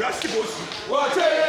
Brass Boss. Watch it!